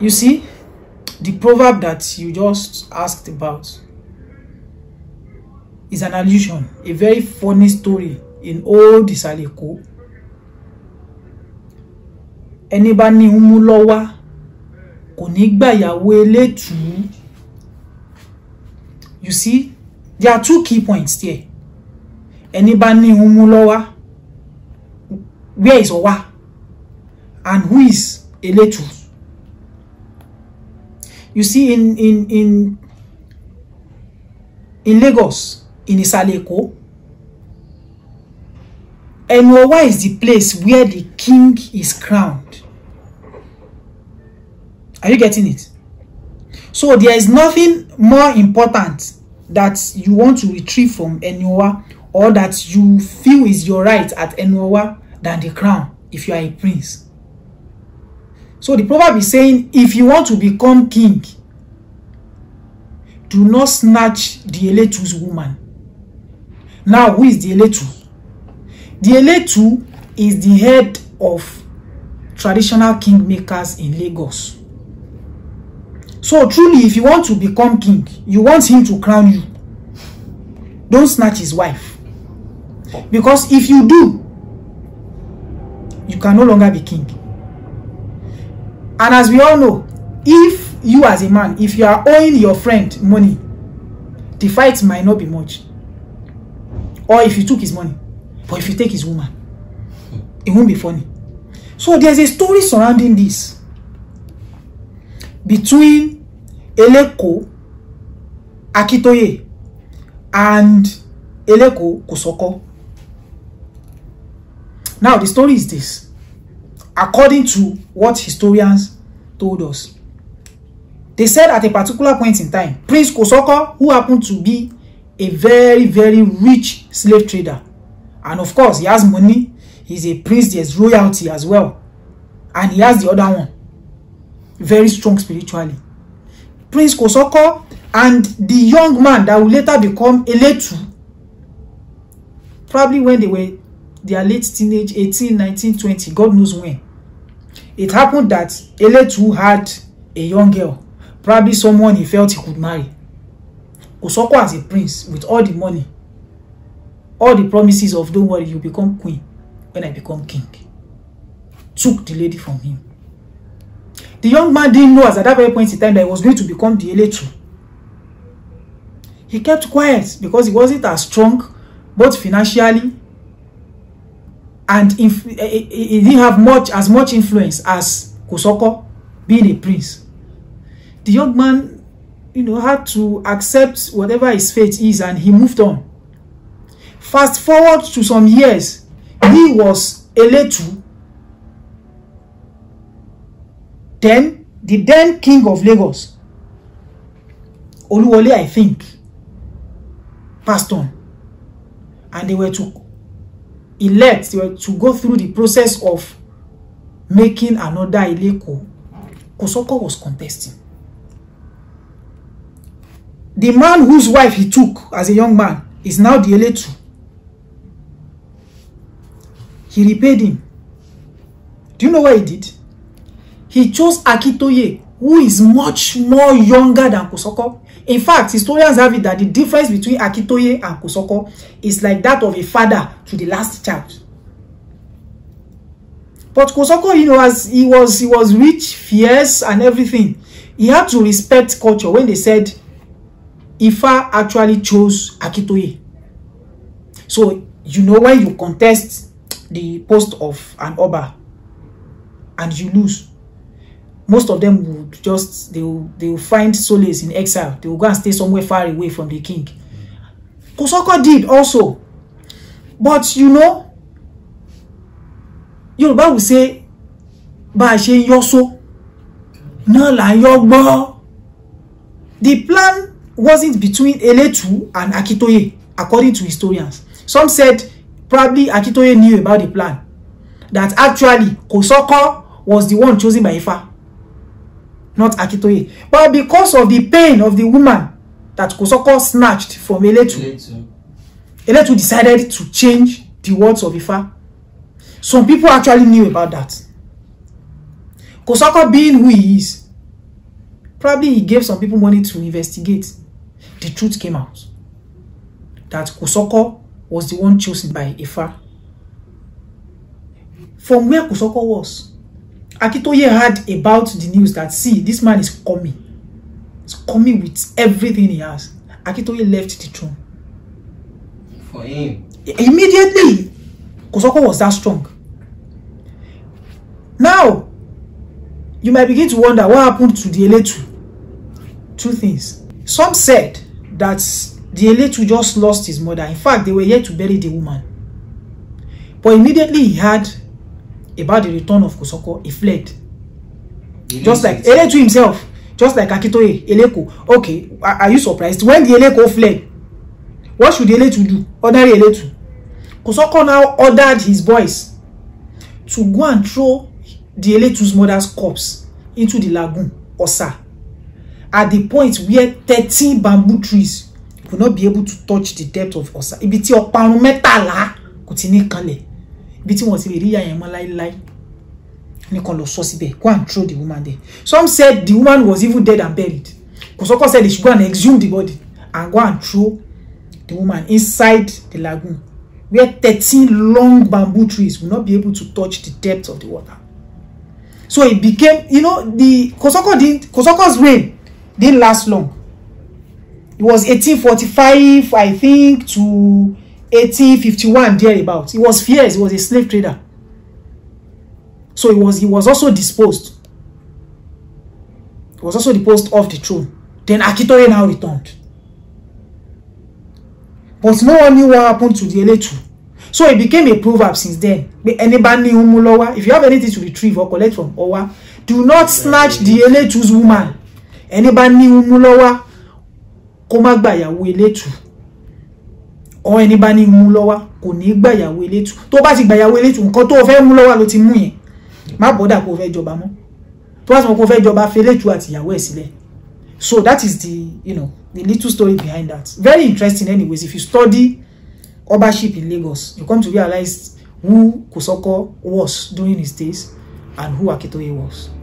You see, the proverb that you just asked about is an allusion, a very funny story in old Isaleko. Ẹni bá ní ń mú lọ́wá kò ní gbàyàwó elétùú. You see, there are two key points there. Ẹni bá ní ń mú lọ́wá where is Ọwá and who is elétùú? You see in in in in Lagos, in Isaleko, Enuowa is the place where the king is crowned. Are you getting it? So there is nothing more important that you want to retrieve from Enyowa, or that you feel is your right at Enyowa, than the crown if you are a prince. So the proverb is saying, if you want to become king, do not snatch the Eletu's woman. Now, who is the Eletu? The Eletu is the head of traditional kingmakers in Lagos. So truly, if you want to become king, you want him to crown you. Don't snatch his wife. Because if you do, you can no longer be king and as we all know if you as a man if you are owing your friend money the fight might not be much or if you took his money but if you take his woman it won't be funny so there's a story surrounding this between eleko akitoye and eleko kosoko now the story is this according to what historians told us. They said at a particular point in time, Prince Kosoko, who happened to be a very, very rich slave trader, and of course, he has money, he's a prince, there's royalty as well, and he has the other one, very strong spiritually. Prince Kosoko and the young man that will later become Eletu, probably when they were their late teenage, 18, 19, 20, God knows when, It happened that Eletu had a young girl, probably someone he felt he could marry. Osoko as a prince with all the money, all the promises of don't worry, you become queen when I become king, took the lady from him. The young man didn't know as at that very point in time that he was going to become the Eletu. He kept quiet because he wasn't as strong both financially and eh, eh, eh, he didn't have much as much influence as Kosoko being a prince. The young man, you know, had to accept whatever his fate is and he moved on. Fast forward to some years, he was Eletu. Then, the then king of Lagos, Oluwole, I think, passed on. And they were to elect to go through the process of making another Ileko, Kosoko was contesting. The man whose wife he took as a young man is now the Eletu. He repaid him. Do you know what he did? He chose Akitoye, who is much more younger than Kosoko. In fact, historians have it that the difference between Akitoye and Kosoko is like that of a father to the last child. But Kosoko, you know, as he was he was rich, fierce, and everything. He had to respect culture when they said Ifa actually chose Akitoye. So you know when you contest the post of an Oba and you lose, most of them would just they will, they will find solace in exile they will go and stay somewhere far away from the king Kosoko did also but you know Yorùbá will say bá a ṣe ń yọ só náà là the plan wasn't between Eletu and Akitoye according to historians some said probably Akitoye knew about the plan that actually Kosoko was the one chosen by Ifa not Akitoye but because of the pain of the woman that Kosoko snatched from Eletu Eletu, decided to change the words of Ifa some people actually knew about that Kosoko being who he is probably he gave some people money to investigate the truth came out that Kosoko was the one chosen by Ifa from where Kosoko was Akitoye heard about the news that see this man is coming he's coming with everything he has Akitoye left the throne for him immediately Kosoko was that strong now you might begin to wonder what happened to the Eletu two things some said that the Eletu just lost his mother in fact they were here to bury the woman but immediately he had about the return of Kosoko, he fled. He just like Eletu himself, just like Akitoye, Eleko. Okay, are, are you surprised? When the Eleko fled, what should Eleto do? Order Eleto? Kosoko now ordered his boys to go and throw the Eleto's mother's corpse into the lagoon, Osa, at the point where thirty bamboo trees could not be able to touch the depth of Osa. Ibi tí ọparun mẹ́tàlá kò ti ní kanlẹ̀ ibi tí wọ́n ti lè rí ìyá yẹn mọ́ láéláé nìkan lọ sọ síbẹ̀ go and throw the woman there some said the woman was even dead and buried kòsókò said they should go and exhume the body and go and throw the woman inside the lagoon where thirteen long bamboo trees would not be able to touch the depth of the water so it became you know the kosoko didn't kosoko's rain didn't last long it was eighteen forty-five i think to eighteen fifty one there about he was fierce he was a slave trader so he was he was also disposed he was also disposed off the throne then Akintoye now returned but no one knew what happened to the Eletu so he became a proverb since then pé ẹni bá ní if you have anything to retrieve or collect from Owa, do not snatch the Eletu's woman ẹni bá ní ìhun mú gba ìyàwó Eletu ọ ẹni bá ní mú lọ́wọ́ kò ní gbàyàwó elétù tó bá ti gbàyàwó elétù nǹkan tó o fẹ́ mú lọ́wọ́ ló ti mú yẹn má bọ́dà kó o fẹ́ jọba mọ́ tó bá ti mọ̀ kó o fẹ́ jọba felétù àtìyàwó ẹ̀ sílẹ̀ so that is the you know the little story behind that very interesting anyways if you study ownership in Lagos you come to realize who Kosoko was during his days and who Akitoye was.